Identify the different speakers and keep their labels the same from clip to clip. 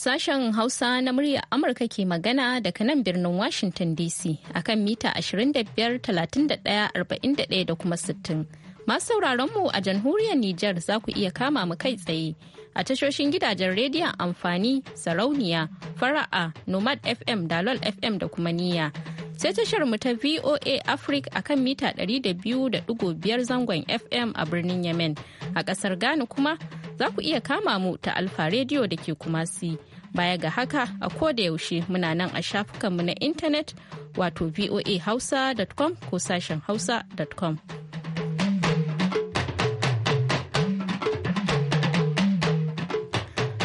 Speaker 1: Sashen Hausa na murya Amurka ke magana daga nan birnin Washington DC akan mita 25, 31, 41 da kuma 60. Masu sauraronmu a jamhuriyar Nijar za ku iya kama mu kai tsaye a tashoshin gidajen rediyon amfani sarauniya fara'a nomad fm dalol fm da kuma niya sai tashar mu ta voa africa akan mita 200.5 zangon fm a birnin yemen a kasar ghana kuma za ku iya kama mu ta alfa rediyo da ke kumasi Baya ga haka a koda yaushe muna nan a shafukanmu na intanet wato voahausa.com ko sashen hausa.com.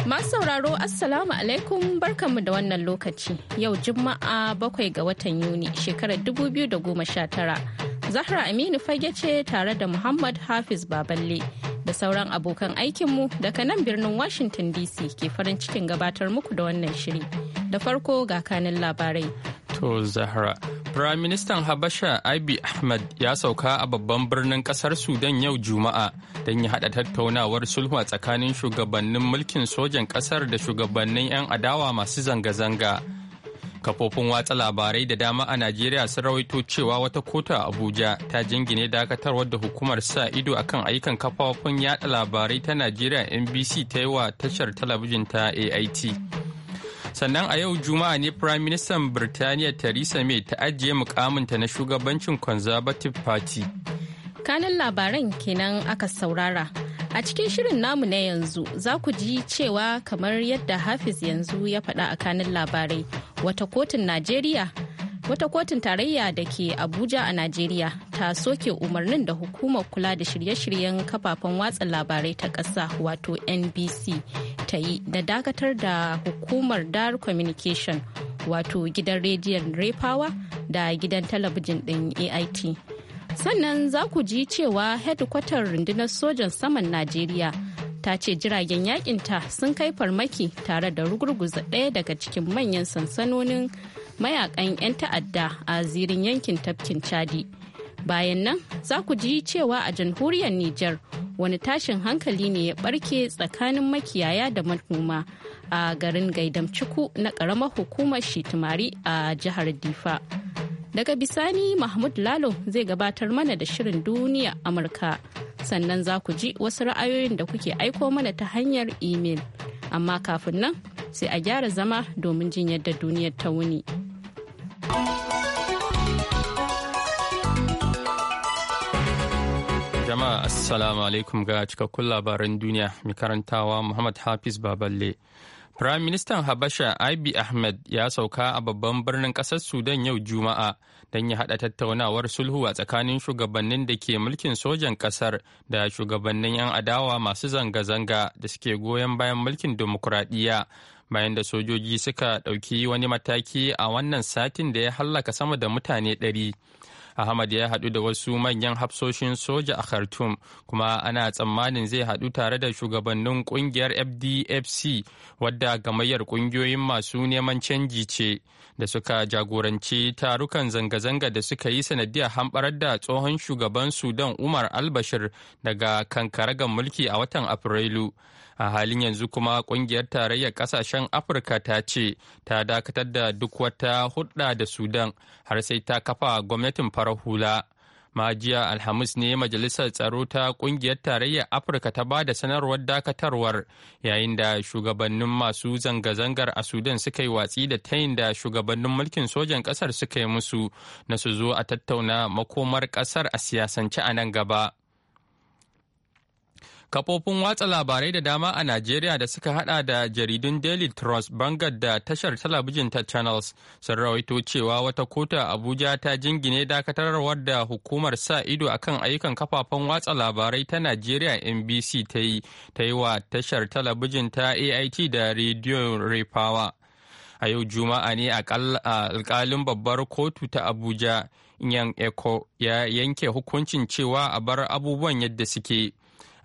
Speaker 1: Masu sauraro Assalamu alaikum barkanmu da wannan lokaci yau Juma'a bakwai ga watan Yuni shekarar 2019. Zahra Aminu fage ce tare da Muhammad Hafiz Baballe da sauran abokan aikinmu daga nan birnin Washington DC ke farin cikin gabatar muku da wannan shiri. Da farko ga kanin labarai.
Speaker 2: To Zahra, Prime Minister Habasha Abi Ahmed ya sauka a babban birnin kasar Sudan yau Juma'a don ya haɗa tattaunawar sulhu a tsakanin shugabannin mulkin sojan kasar da shugabannin 'yan adawa masu zanga-zanga. Kafofin watsa labarai da dama a Najeriya sun rawaito cewa wata kotu a Abuja ta jingine dakatarwar da hukumar sa ido akan ayyukan kafofin yada labarai ta Najeriya NBC ta yi wa tashar talabijin ta AIT. Sannan a yau Juma'a ne Prime Minister Birtaniya Theresa May ta ajiye mukaminta na shugabancin Conservative Party.
Speaker 1: Kanin labaran kenan aka saurara. A cikin shirin namu na yanzu za ku ji cewa kamar yadda Hafiz yanzu ya faɗa a kanin labarai wata kotun Najeriya wata kotun tarayya da ke Abuja a Najeriya ta soke umarnin da hukumar kula da shirye-shiryen kafafen watsa labarai ta ƙasa wato NBC ta yi da dakatar da hukumar Dar Communication wato gidan rediyon Repawa da gidan talabijin ɗin AIT. sannan za ku ji cewa hedikwatar rundunar sojan saman najeriya ta ce jiragen yakinta sun kai farmaki tare da rugurguza ɗaya daga cikin manyan sansanonin mayakan 'yan ta'adda a zirin yankin tafkin chadi bayan nan za ku ji cewa a jamhuriyar niger wani tashin hankali ne ya barke tsakanin makiyaya da manoma a garin gaidamciku na ƙaramar hukumar shitimari a jihar difa Daga bisani Mahmud Lalo zai gabatar mana da shirin duniya Amurka. Sannan za ku ji wasu ra'ayoyin da kuke aiko mana ta hanyar imel. Amma kafin nan sai a gyara zama domin jin yadda duniyar ta wuni.
Speaker 2: Jama'a Assalamu alaikum ga cikakkun labaran duniya mai karantawa Muhammad Hafiz Baballe. Firaministan Habasha Abi Ahmed ya sauka a babban birnin ƙasar Sudan yau Juma'a don ya haɗa tattaunawar sulhu a tsakanin shugabannin da ke mulkin sojan ƙasar da shugabannin 'yan adawa masu zanga-zanga da suke goyon bayan mulkin demokuraɗiyya bayan da sojoji suka ɗauki wani mataki a wannan satin da ya hallaka sama da mutane ɗari. Ahmad ya haɗu da wasu manyan hafsoshin soja a Khartoum kuma ana tsammanin zai haɗu tare da shugabannin ƙungiyar FDFC wadda gamayyar ƙungiyoyin masu neman canji ce da suka jagoranci tarukan zanga-zanga da suka yi sanadiyar hamɓarar da tsohon shugaban Sudan Umar Albashir daga kankaragan mulki a watan Afrilu. a halin yanzu kuma kungiyar tarayyar kasashen afirka ta ce ta dakatar da duk wata hudda da sudan har sai ta kafa gwamnatin farar hula majiya alhamis ne majalisar tsaro ta kungiyar tarayyar afirka ta ba da sanarwar dakatarwar yayin da shugabannin masu zanga-zangar a sudan suka yi watsi da tayin da shugabannin mulkin sojan kasar suka yi musu na su zo a tattauna makomar kasar a siyasance a nan gaba Kafofin watsa labarai da dama a Najeriya da suka hada da jaridun Daily Trust, Bangar da tashar talabijin ta Channels sun rawaito cewa wata kota Abuja ta jingine dakatarwar da hukumar sa ido akan ayyukan kafafen watsa labarai ta Najeriya NBC ta yi ta yi wa tashar talabijin ta AIT da Radio Repower. A yau Juma'a ne alkalin babbar kotu ta Abuja Yan Eko ya yanke hukuncin cewa a bar abubuwan yadda suke.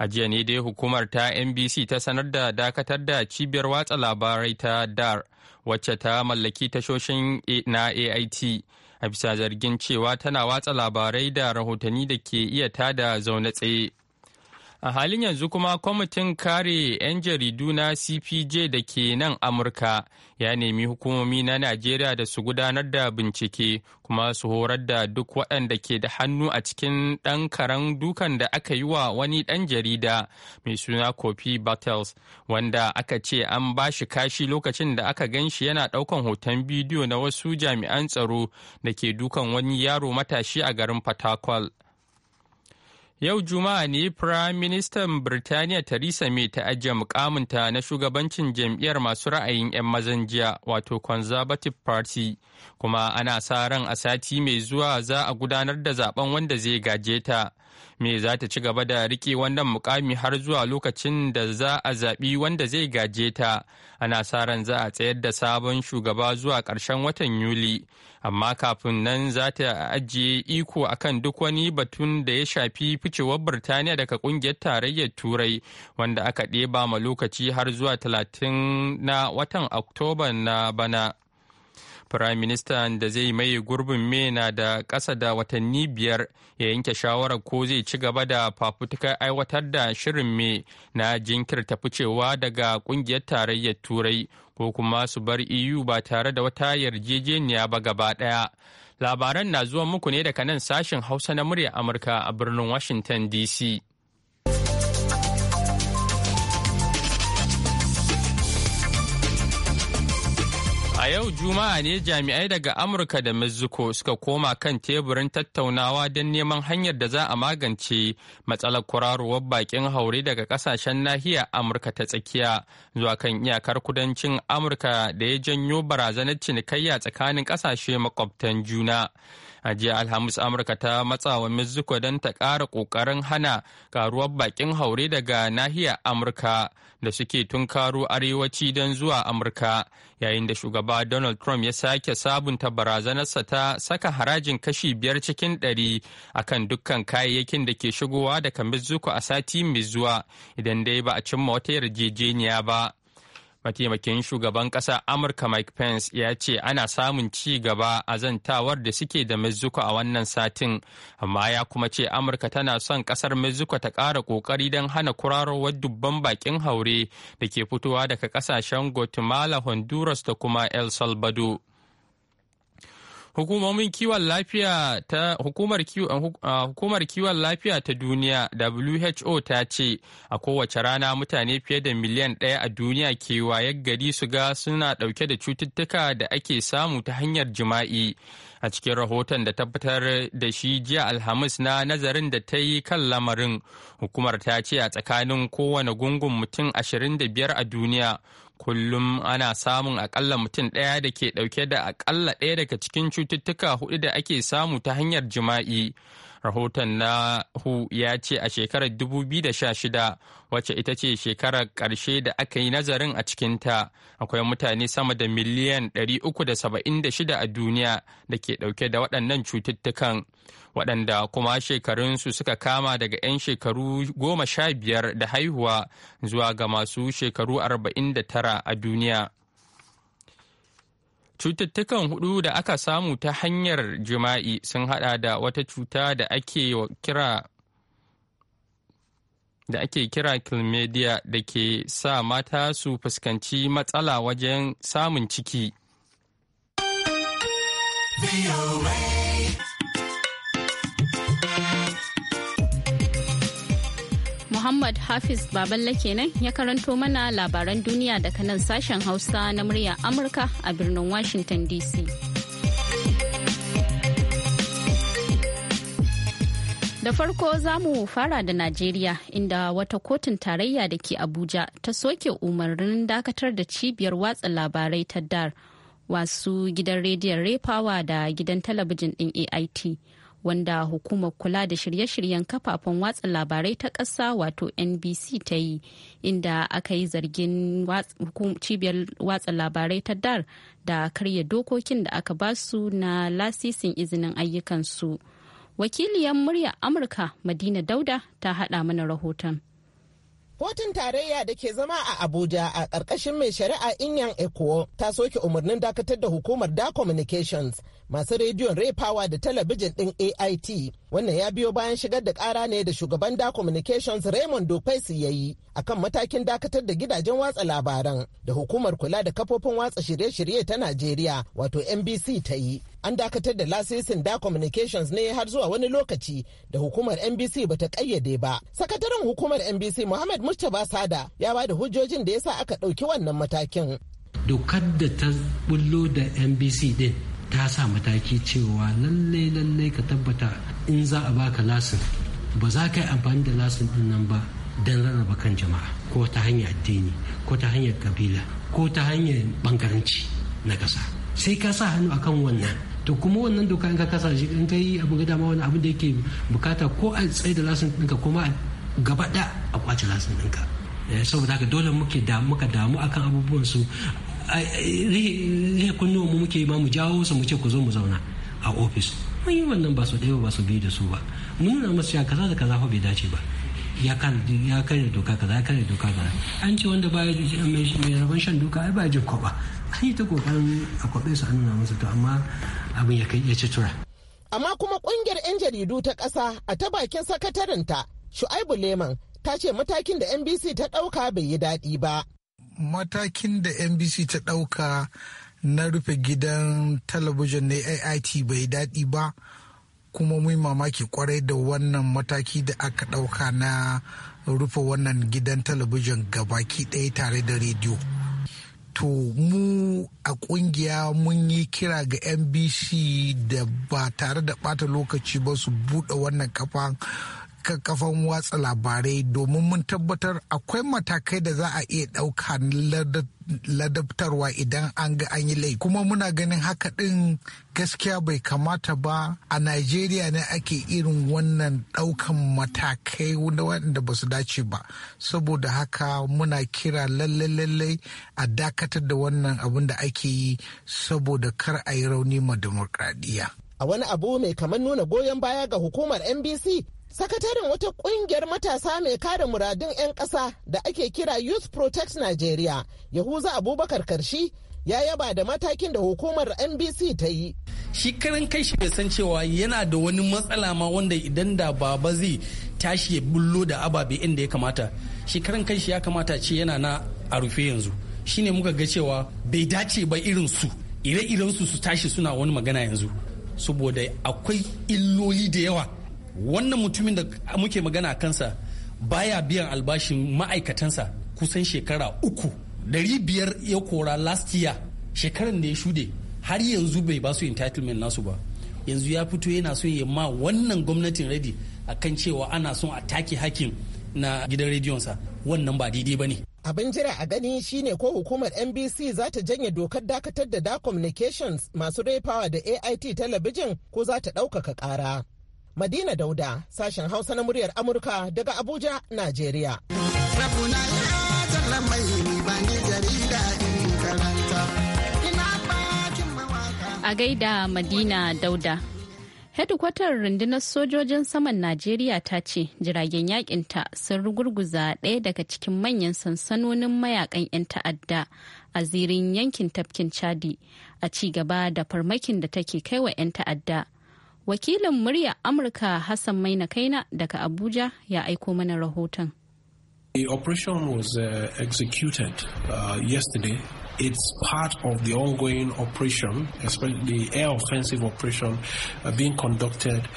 Speaker 2: a jiya ne dai hukumar ta nbc ta sanar da dakatar da cibiyar watsa labarai ta dar wacce ta mallaki tashoshin na ait a bisa zargin cewa tana watsa labarai da rahotanni da ke iya tada zaune tsaye A halin yanzu kuma kwamitin kare 'yan jaridu na CPJ da ke nan Amurka ya nemi hukumomi na Najeriya da su gudanar da bincike kuma su horar da duk waɗanda ke da hannu a cikin ɗan karan dukan da aka yi wa wani ɗan jarida mai suna Kofi Battles wanda aka ce an ba shi kashi lokacin da aka gan shi yana ɗaukan hoton bidiyo na wasu jami'an tsaro da ke dukan wani yaro matashi a garin Fatakwal. Yau Juma'a ne Firaministan Birtaniya Theresa May ta ajiye mukaminta na shugabancin jam'iyyar masu ra'ayin 'yan mazan jiya wato Conservative Party, kuma ana sa ran a sati mai zuwa za a gudanar da zaben wanda zai gaje ta. May za ta ci gaba da rike wannan mukami har zuwa lokacin da za a zaɓi wanda zai gaje ta. Ana sa ran za a tsayar da sabon shugaba zuwa ƙarshen watan Yuli, amma kafin nan za ta ajiye iko akan duk wani batun da ya shafi ficewar birtaniya daga kungiyar tarayyar turai wanda aka ɗeba ma lokaci har zuwa 30 na watan oktoba na bana Firaministan da zai maye gurbin me na da ƙasa da watanni biyar ya yanke shawarar ko zai ci gaba da fafutukar aiwatar da shirin me na jinkirta ficewa daga ƙungiyar tarayyar Turai ko kuma su bar EU ba tare da wata yarjejeniya ba gaba ɗaya. Labaran na zuwa muku ne daga nan sashen Hausa na murya Amurka a birnin Washington DC. A yau Juma'a ne jami'ai daga Amurka da Mexico suka koma kan teburin tattaunawa don neman hanyar da za a magance matsalar kwararowar bakin haure daga kasashen nahiyar Amurka ta tsakiya zuwa kan iyakar kudancin Amurka da ya janyo barazanar cinikayya tsakanin kasashe makwabtan juna. a jiya alhamis amurka ta matsawa mexico don ta ƙara ƙoƙarin hana karuwar bakin haure daga nahiyar amurka da suke tun tunkaro arewaci don zuwa amurka yayin da shugaba donald trump ya sake sabunta barazanarsa ta saka harajin kashi biyar cikin ɗari akan dukkan kayayyakin da ke shigowa daga mexico a sati mai zuwa idan dai ba a cimma wata yarjejeniya ba mataimakin shugaban ƙasa amurka mike pence ya ce ana samun ci gaba a zantawar da suke da mexico a wannan satin amma ya kuma ce amurka tana son ƙasar mexico ta ƙara ƙoƙari don hana kurarowar dubban bakin haure da ke fitowa daga ƙasashen guatemala honduras da kuma el salvador hukumomin kiwon lafiya ta hukumar kiwon hukumar kiwon lafiya ta duniya WHO ta ce a kowace rana mutane fiye da miliyan ɗaya a duniya ke wayar gari su ga suna ɗauke da cututtuka da ake samu ta hanyar jima'i a cikin rahoton da tabbatar da shi jiya alhamis na nazarin da ta yi kan lamarin hukumar ta ce a tsakanin kowane gungun mutum 25 a duniya kullum ana samun akalla mutum ɗaya da ke ɗauke da akalla ɗaya daga cikin cututtuka hudu da ake samu ta hanyar jima'i. Rahoton na hu ya ce a shekarar 2016 wacce ita ce shekarar ƙarshe da aka yi nazarin a cikinta akwai mutane sama da miliyan 376 a duniya da ke ɗauke da waɗannan cututtukan. waɗanda kuma shekarunsu suka kama daga 'yan shekaru goma sha biyar da haihuwa zuwa ga masu shekaru arba'in da tara a duniya. Cututtukan hudu da aka samu ta hanyar jima'i sun hada da wata cuta da ake kira da ake kira chlamydia da ke sa mata su fuskanci matsala wajen samun ciki.
Speaker 1: Muhammad Hafiz Baballa kenan ya karanto mana labaran duniya daga nan sashen Hausa na murya Amurka a birnin Washington DC. Da farko za mu fara da Najeriya inda wata kotun tarayya da ke Abuja ta soke umarnin dakatar da cibiyar watsa labarai ta DAR wasu gidan rediyon Repawa da gidan talabijin ɗin AIT wanda hukumar kula da shirye-shiryen kafafen watsa labarai ta ƙasa wato nbc ta yi inda aka yi zargin cibiyar watsa labarai ta dar da karya dokokin da aka ba su na lasisin izinin ayyukansu wakiliyar muryar amurka madina dauda ta haɗa mana rahoton
Speaker 3: Kotun tarayya da ke zama a Abuja a ƙarƙashin mai shari'a Inyan Ekuo ta soke umarnin dakatar da hukumar Da Communications masu rediyon Repawa da talabijin ɗin AIT. Wannan ya biyo bayan shigar da ƙara ne da shugaban Da Communications Raymond Dopaisi ya yi akan matakin dakatar da gidajen watsa labaran da hukumar kula da kafofin watsa shirye-shirye ta Najeriya wato NBC ta yi. an dakatar da lasisin da communications ne har zuwa wani lokaci da hukumar nbc ta kayyade ba sakataren hukumar nbc muhammad murtaba sada ya ba da hujjojin da ya sa aka ɗauki wannan matakin
Speaker 4: dokar da ta bullo da nbc din ta sa mataki cewa lallai lallai ka tabbata in za a baka lasin ba za ka yi amfani da lasin din nan ba don rarraba kan jama'a ko ta hanyar addini ko ta hanyar kabila ko ta hanyar bangaranci na kasa sai ka sa hannu akan wannan to kuma wannan doka in ka kasa shi in kai abu ga dama wani abin da yake bukata ko a tsaye da lasin ɗinka ko ma gaba da a kwace lasin ɗinka eh, saboda haka dole muke damu muka damu akan abubuwan su rihe kunnuwan mu muke ma mu jawo su mu ce ku zo mu zauna a ofis mun yi wannan ba su ɗaya ba su biyu da su ba mun nuna masu ya kaza da kaza fa bai dace ba ya kare doka kaza ya kare doka kaza an ce wanda ba mai rabon shan doka ai ba jin koba an yi ta kokarin a kwabe su an nuna musu to amma abin ya kai ya ci tura
Speaker 3: amma kuma kungiyar 'yan jaridu ta kasa a ta bakin sakatarinta shu'aibu leman ta ce matakin da nbc ta dauka bai yi daɗi ba matakin da nbc ta ɗauka na rufe gidan talabijin na ait bai daɗi ba kuma mun mamaki kwarai da wannan mataki da aka ɗauka na rufe wannan gidan talabijin gabaki ɗaya tare da rediyo to mu a ƙungiya mun yi kira ga nbc da ba tare da bata lokaci ba su buɗe wannan kafa kafan watsa labarai domin mun tabbatar akwai matakai da za a iya ɗauka ladabtarwa idan an ga an yi laifi kuma muna ganin haka ɗin gaskiya bai kamata ba a najeriya ne ake irin wannan ɗaukan matakai wanda ba su dace ba saboda haka muna kira lalle-lalle a dakatar da wannan abin da ake yi saboda kar a yi rauni ma demokradiyya a wani abu mai kamar nuna goyon baya ga hukumar nbc sakataren wata kungiyar matasa mai kare muradun 'yan ƙasa da ake kira youth protect nigeria yahuza abubakar karshi ya yaba da matakin da hukumar nbc ta yi
Speaker 5: shi karin kai shi san cewa yana da wani matsala ma wanda idan da baba zai tashi ya bullo da ababe inda ya kamata shi karin kai shi ya kamata ce yana na a rufe yanzu shine muka ga cewa bai dace ba irin su ire-irensu su tashi suna wani magana yanzu saboda akwai illoli da yawa wannan mutumin da muke magana kansa baya biyan albashin ma'aikatansa kusan shekara uku dari biyar ya kora last year shekaran da ya shude har yanzu bai ba su entitlement nasu ba yanzu ya fito yana son ya ma wannan gwamnatin ready akan cewa ana son a take hakin na gidan rediyonsa wannan ba daidai ba ne
Speaker 3: Abin jira a gani shine ko hukumar NBC za ta janye dokar dakatar da Da Communications masu rai da AIT talabijin ko za ta ɗaukaka ƙara. Madina Dauda, sashen Hausa na muryar Amurka daga Abuja, Najeriya. A
Speaker 1: gaida Madina Dauda. hedikwatar rundunar sojojin saman najeriya ta ce jiragen yakinta sun rugurguza ɗaya daga cikin manyan sansanonin mayakan 'yan ta'adda a zirin yankin tafkin chadi a ci gaba da farmakin da take kaiwa 'yan ta'adda wakilin murya amurka hassan maina kaina daga abuja ya aiko mana rahoton
Speaker 6: The operation was uh, executed uh, yesterday it's part of the ongoing operation, especially the air offensive operation uh, being conducted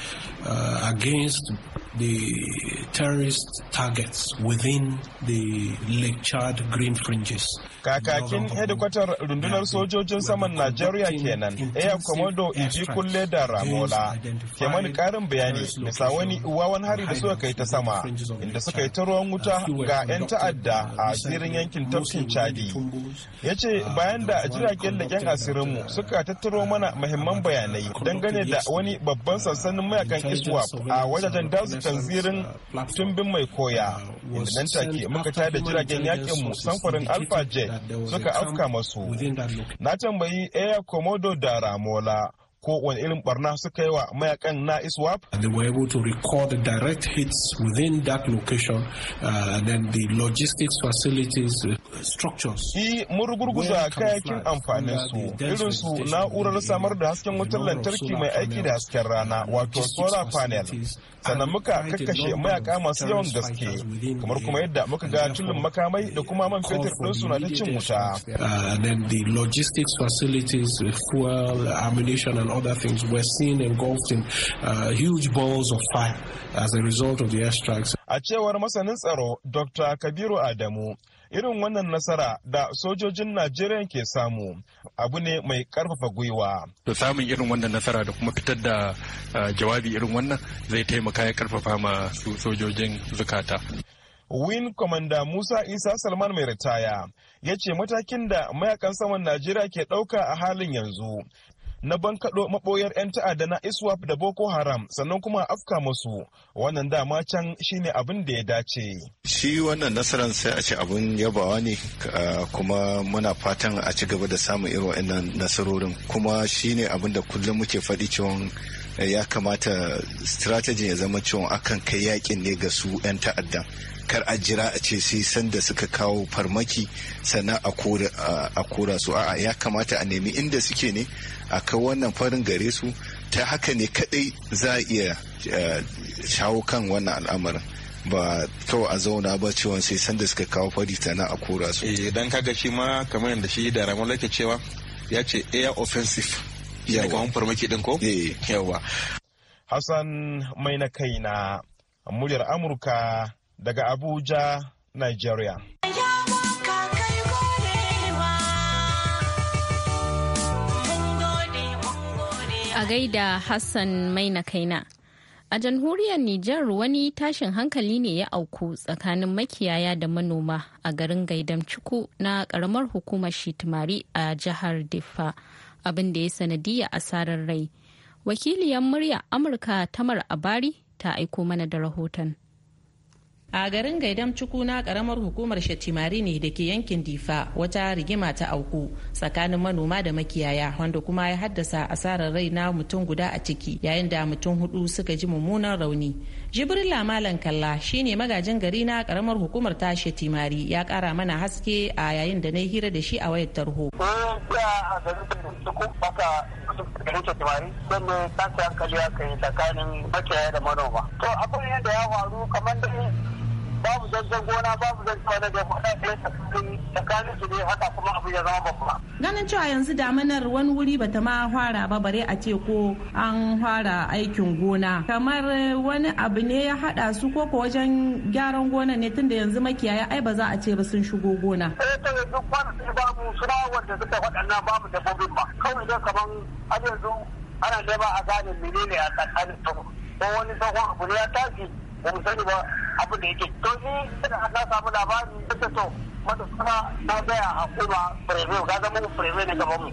Speaker 6: uh, against the terrorist targets within the Lake Chad green fringes. Kakakin hedikwatar rundunar sojojin saman Najeriya kenan, Air Commodo Iji Kulle da Ramola, ke mani karin bayani bisa wani wawan hari da suka kai ta sama, inda suka yi ta ruwan wuta ga 'yan ta'adda a asirin yankin tafkin Chadi. Ya ce uh, bayan da jiragen leken asirinmu suka tattaro mana mahimman bayanai dangane da wani babban sansanin mayakan ISWAP a wajajen dazukan tanzirin uh, tumbin mai koya. Uh, inda nan take muka tada jiragen yakinmu samfurin Alpha Jet suka afka masu. Na tambayi Air Komodo da Ramola ko wani irin barna suka yi wa mayakan na iswap they were able to record the direct hits within that location uh, and then the logistics facilities uh, structures yi murgurguza kayakin amfanin su irin su na'urar samar da hasken wutar lantarki mai aiki da hasken rana uh, wato solar panel sannan muka kakkashe mayaka masu yawan gaske kamar kuma yadda muka ga tulin makamai da kuma man uh, fetur ɗinsu na ta cin wuta. then the logistics facilities, fuel, ammunition and other things were seen engulfed in uh, huge balls of fire as a result of the airstrikes. A cewar masanin tsaro Dr. Kabiru Adamu, irin wannan nasara da sojojin Najeriya ke samu abu ne mai karfafa gwiwa. Da samun irin wannan nasara da kuma fitar da uh, jawabi irin wannan zai taimaka ya karfafa ma sojojin zukata. Win Commander Musa Isa Salman mai ritaya ya ce matakin da mayakan saman Najeriya ke ɗauka a halin yanzu na bankaɗo maɓoyar 'yan ta'adda na iswap da boko haram sannan kuma afka musu wannan dama can shine abin da ya dace shi wannan nasarar sai a ce abin yabawa ne kuma muna fatan a ci gaba da samun irin wa'annan nasarorin kuma shine abin da kullum muke faɗi cewa Eh, ya kamata strategy ya zama cewa akan kai yakin ne ga su 'yan ta'adda kar a jira a ce sai sanda suka kawo farmaki sannan a kora su a'a ya kamata a nemi inda suke ne a kai wannan farin gare su ta haka ne kadai za a iya eh, shawo kan wannan al'amarin ba kawai a zauna ba cewa sai sanda suka kawo fari sannan a kora su idan eh, kaga shi ma kamar yadda shi da ramon lake cewa ya ce air offensive shine farmaki eh. hassan mai na kaina muryar amurka daga abuja nigeria
Speaker 1: a gaida hassan mai na kaina A jamhuriyar Nijar wani tashin hankali ne ya auku tsakanin makiyaya da manoma a garin Gaidam Ciku na karamar hukumar shitmari a jihar Diffa abin da ya sanadiyya asarar rai wakiliyar murya amurka tamar abari ta aiko mana da rahoton
Speaker 7: a garin gaidam na karamar hukumar shatimari ne da ke yankin difa wata rigima ta auku tsakanin manoma da makiyaya wanda kuma ya haddasa asarar rai na mutum guda a ciki yayin da mutum hudu suka ji mummunan rauni jibrila malam kalla shine magajin gari na karamar hukumar ta shatimari ya kara mana haske a yayin da na hira da shi a wayar tarho
Speaker 8: tsakanin da manoma. To abin yadda ya faru kamar da babu zancen gona babu zancen wani da kuɗa ɗaya tsakanin su ne haka kuma
Speaker 7: abu ya zama babba. Ganin cewa yanzu damanar wani wuri bata ma fara ba bare a ce ko an fara aikin gona. Kamar wani abu ne ya haɗa su ko ko wajen gyaran gona ne tunda yanzu makiyaya ai ba za a ce ba sun shigo gona. Eh to
Speaker 8: yanzu kwanaki babu suna wanda suka waɗannan babu dabbobin ba. Kawai dai kaman har yanzu ana neman a gane menene a tsakanin to, Ko wani tsohon abu ne ya tashi ba mu sani ba abu da yake to ni da aka samu labarin da to kuma na gaya a kuma prezo ga zama prezo ne gaban mu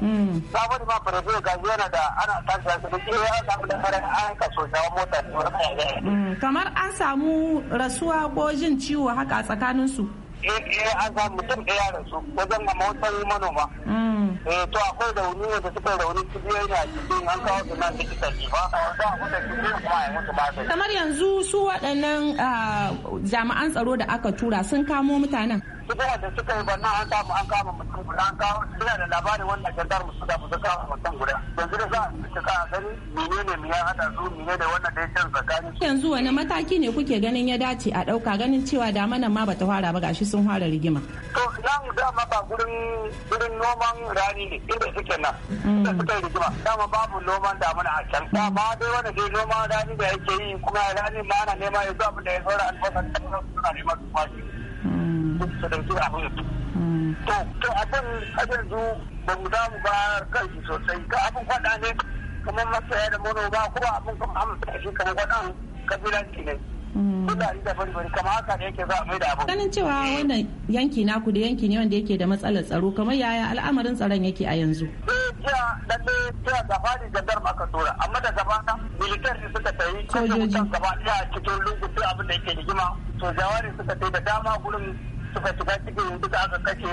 Speaker 8: hmm. na wani ma prezo ga yana da ana tashi da su ke ya samu da fara an ka so shawar mota ne wani
Speaker 7: hmm. kamar an samu rasuwa ko jin ciwo haka tsakanin su
Speaker 8: eh eh an samu mutum ɗaya rasu wajen ga ne manoma hmm. eh to akwai da wani da suka rauni kibiyar yana yi an kawo su nan likita ne ba ba ku da kibiyar kuma a yi musu magani kamar
Speaker 7: yanzu su waɗannan ah, jami'an tsaro da aka tura sun kamo mutanen
Speaker 8: kuma da suka yi bannan an kama an kama mutum guda an kawo suna da labarin wannan gandar musu da musu kama mutum guda yanzu da za a bincika ka gani menene mu ya hada su menene da wannan da ya can tsakanin
Speaker 7: yanzu wani mataki ne kuke ganin ya dace a ɗauka ganin cewa da manan ma bata fara ba gashi sun fara rigima
Speaker 8: to su dama ba gurin gurin noman rani ne inda suke nan mm. inda suka yi rigima dama babu noman damuna a can dama dai wanda dai noman rani da yake yi kuma rani ma ana nema zo abin da ya saura albasa suna nema mm. su kwashi su dauki abin mm. to to abin a zu ba mu damu ba kan shi sosai ka abin kwada ne kamar masaya da manoma kuma abin kuma amince shi kamar kwadan kabilanci ne kudari da bari bari kamar haka ne yake za a da abu
Speaker 7: ganin cewa wannan yanki naku da yanki ne wanda yake da matsalar tsaro kamar yaya al'amarin tsaron yake a yanzu
Speaker 8: jiya lalle jiya da fadi jandar aka tura amma da gaba na militar ne suka tayi kashe mutan gaba ɗaya cikin lungu abin da yake rigima to jawari suka tayi da dama gurin suka shiga cikin duka aka kashe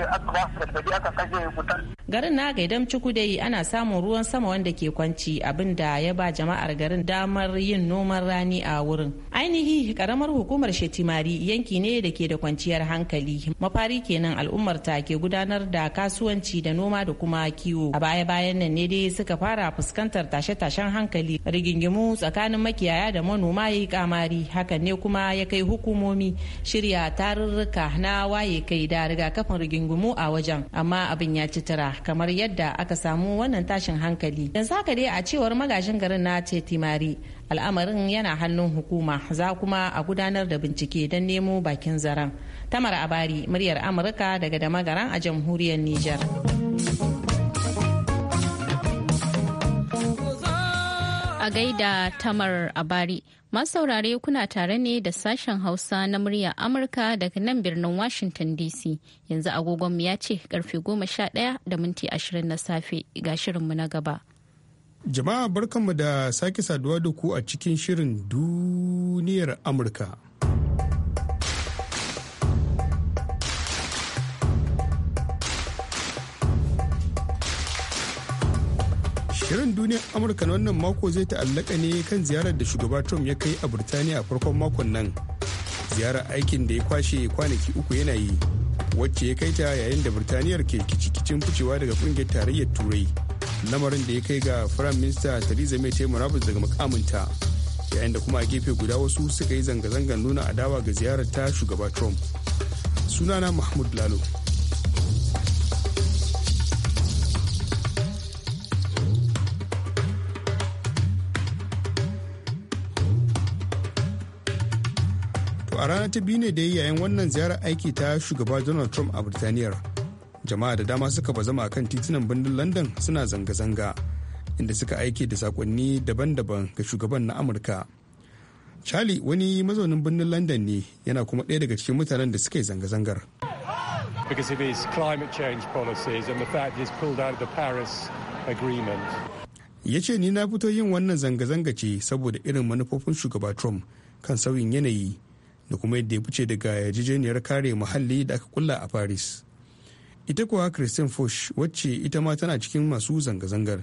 Speaker 7: Garin na gaidam cikudai ana samun ruwan sama wanda ke kwanci abin da ya ba jama'ar garin damar yin noman rani a wurin. Ainihi karamar hukumar Shetimari yanki ne da ke da kwanciyar hankali. Mafari kenan al'ummar ta ke gudanar da kasuwanci da noma da kuma kiwo. A baya-bayan nan ne dai suka fara fuskantar tashe-tashen hankali rigingimu tsakanin makiyaya da manoma ya yi kamari hakan ne kuma ya kai hukumomi shirya tarurruka na waye kai da rigakafin rigingimu a wajen amma abin ya ci tira kamar yadda aka samu wannan tashin hankali yanzu haka dai a cewar magajin garin na ce timari al'amarin yana hannun hukuma za kuma a gudanar da bincike don nemo bakin zaren tamar abari muryar amurka daga
Speaker 1: damagaran a jamhuriyar niger a gaida tamar abari saurare kuna tare ne da sashen Hausa na murya Amurka daga nan birnin Washington DC. Yanzu agogonmu ya ce karfe goma sha ɗaya da minti ashirin na safe ga shirinmu na gaba.
Speaker 5: Jama'a barkanmu da sake saduwa da ku a cikin shirin duniyar Amurka. Shirin duniyar Amurka na wannan mako zai ta'allaka ne kan ziyarar da shugaba Trump ya kai a Burtaniya a farkon makon nan. Ziyarar aikin da ya kwashe kwanaki uku yana yi, wacce ya kai ta yayin da Burtaniyar ke kicikicin ficewa daga kungiyar tarayyar Turai. Lamarin da ya kai ga Firayim Minista Theresa May ta murabus daga mukaminta. Yayin da kuma a gefe guda wasu suka yi zanga-zangar nuna adawa ga ziyarar ta shugaba Trump. Sunana Mahmud Lalo. a rana ta biyu ne da yayin wannan ziyarar aiki ta shugaba donald trump a birtaniyar jama'a da dama suka ba a kan titunan birnin london suna zanga-zanga inda suka aike da sakonni daban-daban ga shugaban na amurka charlie wani mazaunin birnin london ne yana kuma ɗaya daga cikin mutanen da suka yi zanga-zangar
Speaker 9: change policies and the Paris agreement.
Speaker 5: Ya ce ni na fito yin wannan zanga-zanga ce saboda irin manufofin shugaba Trump kan sauyin yanayi da kuma yadda ya fice daga yarjejeniyar kare muhalli da aka kulla a paris ita kuwa christine foch wacce ita ma tana cikin masu zanga-zangar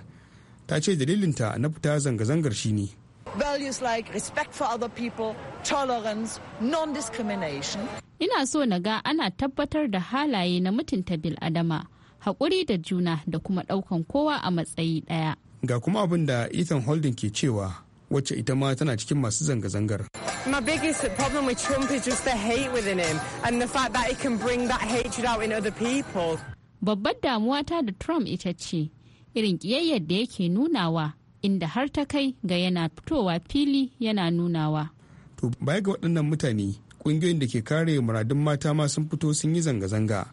Speaker 5: ta ce dalilinta na fita zanga-zangar shine
Speaker 9: values like respect for other people tolerance non-discrimination
Speaker 1: ina so na ga ana tabbatar da halaye na mutunta bil'adama haƙuri da juna da kuma ɗaukan kowa a matsayi ɗaya
Speaker 5: ga kuma abin da ethan holding ke cewa wacce ita ma tana cikin masu zanga-zangar.
Speaker 1: My
Speaker 7: biggest problem with Trump is just the hate within him and the fact that he can bring that hatred out in other
Speaker 5: people.
Speaker 1: Babbar damuwa ta da Trump ita ce irin ƙiyayyar da yake nunawa inda har ta kai ga yana fitowa fili yana nunawa.
Speaker 5: To baya ga waɗannan mutane ƙungiyoyin da ke kare muradun mata ma sun fito sun yi zanga-zanga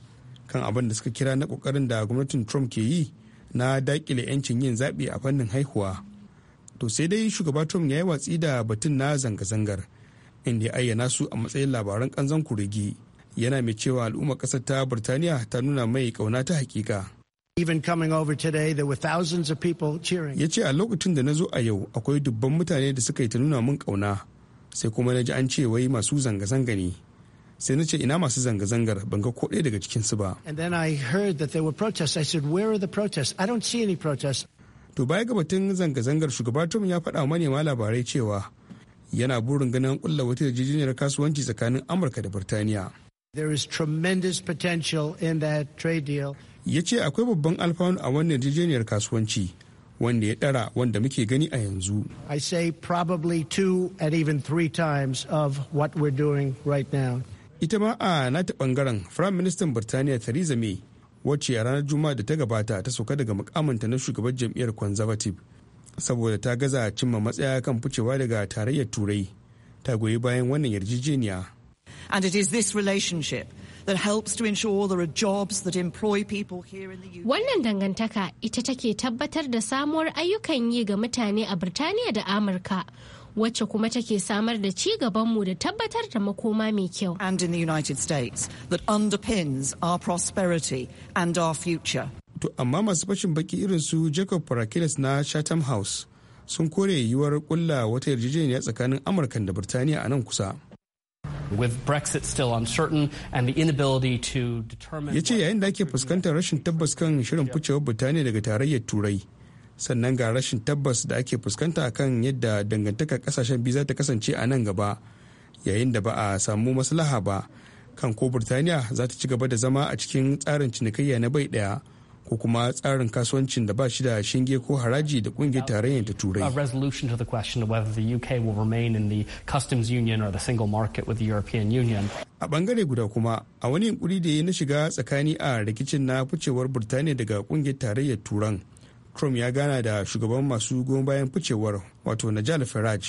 Speaker 5: kan abin da suka kira na ƙoƙarin da gwamnatin Trump ke yi na daƙile 'yancin yin zaɓe a fannin haihuwa. to sai dai shugaba trump ya yi watsi da batun na zanga-zangar inda ya ayyana su a matsayin labaran kanzan kurigi yana mai cewa al'ummar ƙasar ta burtaniya ta nuna mai kauna ta hakika ya ce a lokacin da na zo a yau akwai dubban mutane da suka yi ta nuna min kauna sai kuma na ji an ce wai masu zanga-zanga ne sai na ce ina masu zanga-zangar ban ga ko ɗaya daga cikinsu ba to baya ga batun zanga-zangar shugaba trump ya faɗa manema labarai cewa yana burin ganin kulla wata yarjejeniyar kasuwanci tsakanin amurka da birtaniya ya ce akwai babban alfanu a wannan yarjejeniyar kasuwanci wanda ya ɗara wanda muke gani a yanzu. Ita ma a nata ɓangaren, Firayim Ministan Birtaniya Theresa May wacce a ranar juma'a da ta gabata ta sauka daga mukamanta na shugaban jam'iyyar conservative saboda ta gaza cimma matsaya kan ficewa daga tarayyar turai ta goyi bayan wannan yarjejeniya
Speaker 1: and it is this relationship that helps to ensure there are jobs
Speaker 3: that employ people here in the
Speaker 1: UK. Wannan dangantaka ita take tabbatar da samuwar ayyukan yi ga mutane a Birtaniya da Amurka wacce kuma take samar da ci gabanmu da tabbatar da makoma mai kyau. And in the United States that underpins our prosperity
Speaker 5: and our future. To amma masu fashin baki irin su Jacob Parakilis na Chatham House sun kore yiwuwar kulla wata yarjejeniya tsakanin Amurka da Birtaniya a nan kusa. with Brexit still uncertain and the inability to determine. Ya ce yayin da ake fuskantar rashin tabbas kan shirin ficewar Birtaniya daga tarayyar Turai. sannan ga rashin tabbas da ake fuskanta kan yadda dangantakar kasashen biyu za ta kasance a nan gaba yayin da ba a samu maslaha ba kan ko burtaniya za ta ci gaba da zama a cikin tsarin cinikayya na bai daya ko kuma tsarin kasuwancin da ba shi da shinge ko haraji da kungiyar tarayyar ta turai a bangare guda kuma a wani yunkuri da ya na shiga tsakani a rikicin na ficewar burtaniya daga kungiyar tarayyar turan trump ya gana da shugaban masu goyon bayan ficewar wato najal faraj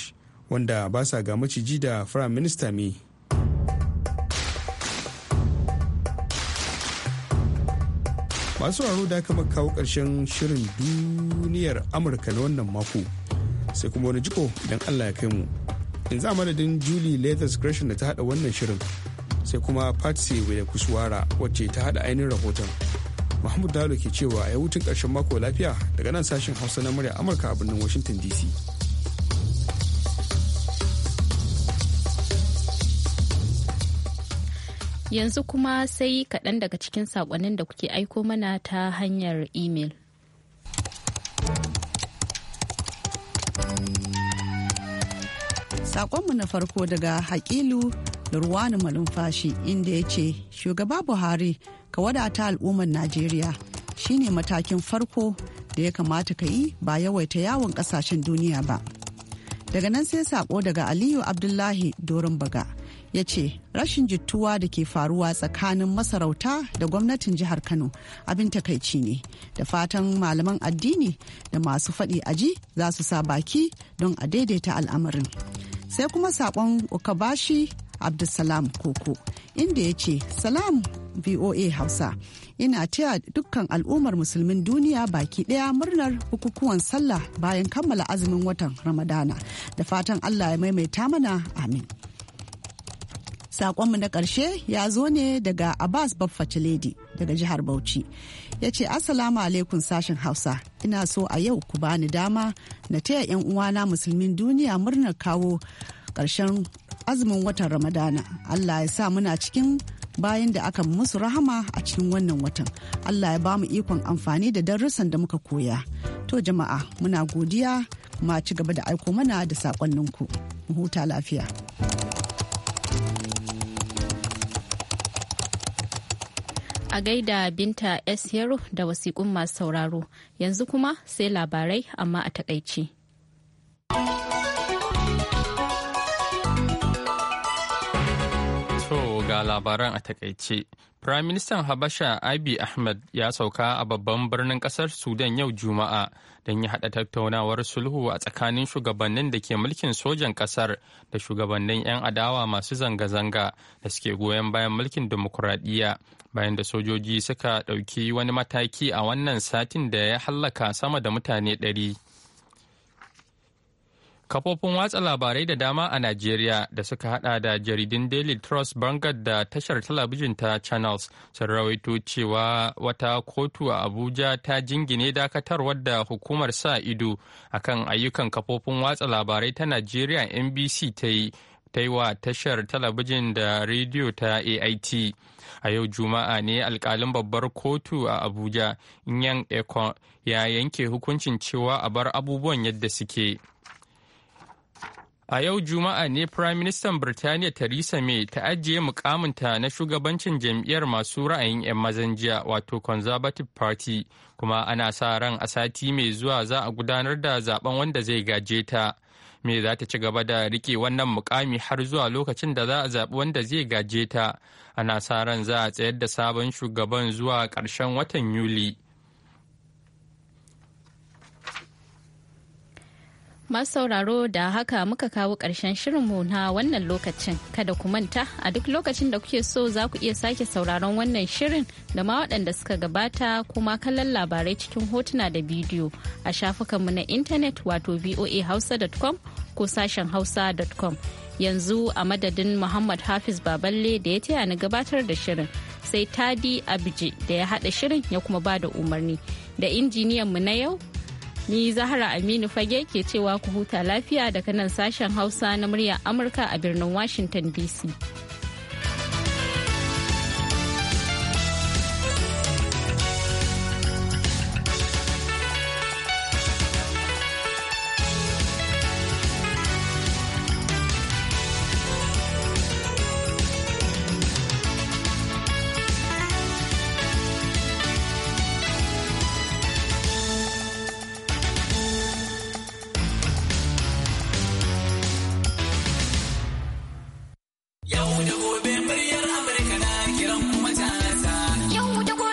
Speaker 5: wanda ba sa ga maciji da firayim minista mi masu sauraro da aka kawo ƙarshen shirin duniyar amurka na wannan mako sai kuma wani jiko idan allah ya kai mu In a madadin julie leathers gresham da ta hada wannan shirin sai kuma patsy da kuswara wacce ta hada ainihin rahoton mahmud dalo ke cewa ya wutun ƙarshen mako lafiya daga nan sashen hausa na murya amurka a birnin washington dc
Speaker 1: yanzu kuma sai kaɗan daga cikin saƙonin da kuke aiko mana ta hanyar imel.
Speaker 9: Saƙonmu na farko daga Haƙilu da Ruwanu Malumfashi inda ya ce, Shugaba Buhari ka wadata al'ummar najeriya shine matakin farko da ya kamata ka yi ba yawaita yawon kasashen duniya ba daga nan sai sako daga aliyu abdullahi dorin baga ya ce rashin jituwa da ke faruwa tsakanin masarauta da gwamnatin jihar kano abin takaici ne da fatan malaman addini da masu faɗi aji za su sa baki don a daidaita al'amarin sai kuma sakon okabashi abdulsalam koko inda ya ce salam voa hausa ina taya dukkan al'ummar musulmin duniya baki ɗaya murnar bukukuwan sallah bayan kammala azumin watan ramadana da fatan allah ya maimaita mana amin saƙonmu na ƙarshe ya zo ne daga Abbas Baffaciledi daga jihar Bauchi. Ya ce, Assalamu alaikum sashen Hausa, ina so a yau ku bani dama na taya 'yan uwana musulmin duniya murnar kawo ƙarshen azumin watan Ramadana. Allah ya sa muna cikin bayan da aka musu rahama a cikin wannan watan allah ya bamu ikon amfani da darussan da muka koya to jama'a muna godiya kuma ci gaba da aiko mana da saƙonninku huta lafiya a gaida
Speaker 1: binta s yaro da wasiƙun masu sauraro yanzu kuma sai labarai amma a takaici.
Speaker 2: labaran a takaice. Firaministan Habasha Abi Ahmed ya sauka a babban birnin kasar Sudan yau Juma'a don ya haɗa tattaunawar sulhu a tsakanin shugabannin da ke mulkin sojan kasar da shugabannin 'yan adawa masu zanga-zanga da suke goyon bayan mulkin demokuraɗiyya bayan da sojoji suka ɗauki wani mataki a wannan satin da ya hallaka sama da mutane ɗari. Kafofin watsa labarai da dama a Najeriya da suka hada da jaridun Daily Trust Bangar da tashar talabijin ta Channels sun rawaito cewa wata kotu a Abuja ta jingine dakatarwar da hukumar sa ido akan ayyukan kafofin watsa labarai ta Najeriya NBC ta yi ta yi wa tashar talabijin da rediyo ta AIT. A yau Juma'a ne alkalin babbar kotu a Abuja, Nyan Ekon, ya yanke hukuncin cewa a bar abubuwan yadda suke. A yau Juma'a ne Firaministan Birtaniya Theresa May ta ajiye mukaminta na shugabancin jam'iyyar masu ra'ayin 'yan mazan jiya wato Conservative Party kuma ana sa ran a sati mai zuwa za a gudanar da zaben wanda zai gaje ta. May za ta ci gaba da rike wannan mukami har zuwa lokacin da za a zaɓi wanda zai gaje ta. Ana sa ran za a tsayar da sabon shugaban zuwa ƙarshen watan Yuli.
Speaker 1: Masu sauraro da haka muka kawo ƙarshen shirinmu na wannan lokacin kada ku manta a duk lokacin da kuke so za ku iya sake sauraron wannan shirin da ma waɗanda suka gabata kuma kallon labarai cikin hotuna da bidiyo a shafukanmu na intanet wato voahausa.com ko sashen hausa.com yanzu a madadin Muhammad Hafiz Baballe da ya taya ni gabatar da shirin sai Tadi Abije da ya haɗa shirin ya kuma ba da umarni da injiniyanmu na yau Ni Zahra Aminu Fage ke cewa ku huta lafiya daga nan sashen Hausa na muryar Amurka a birnin Washington DC.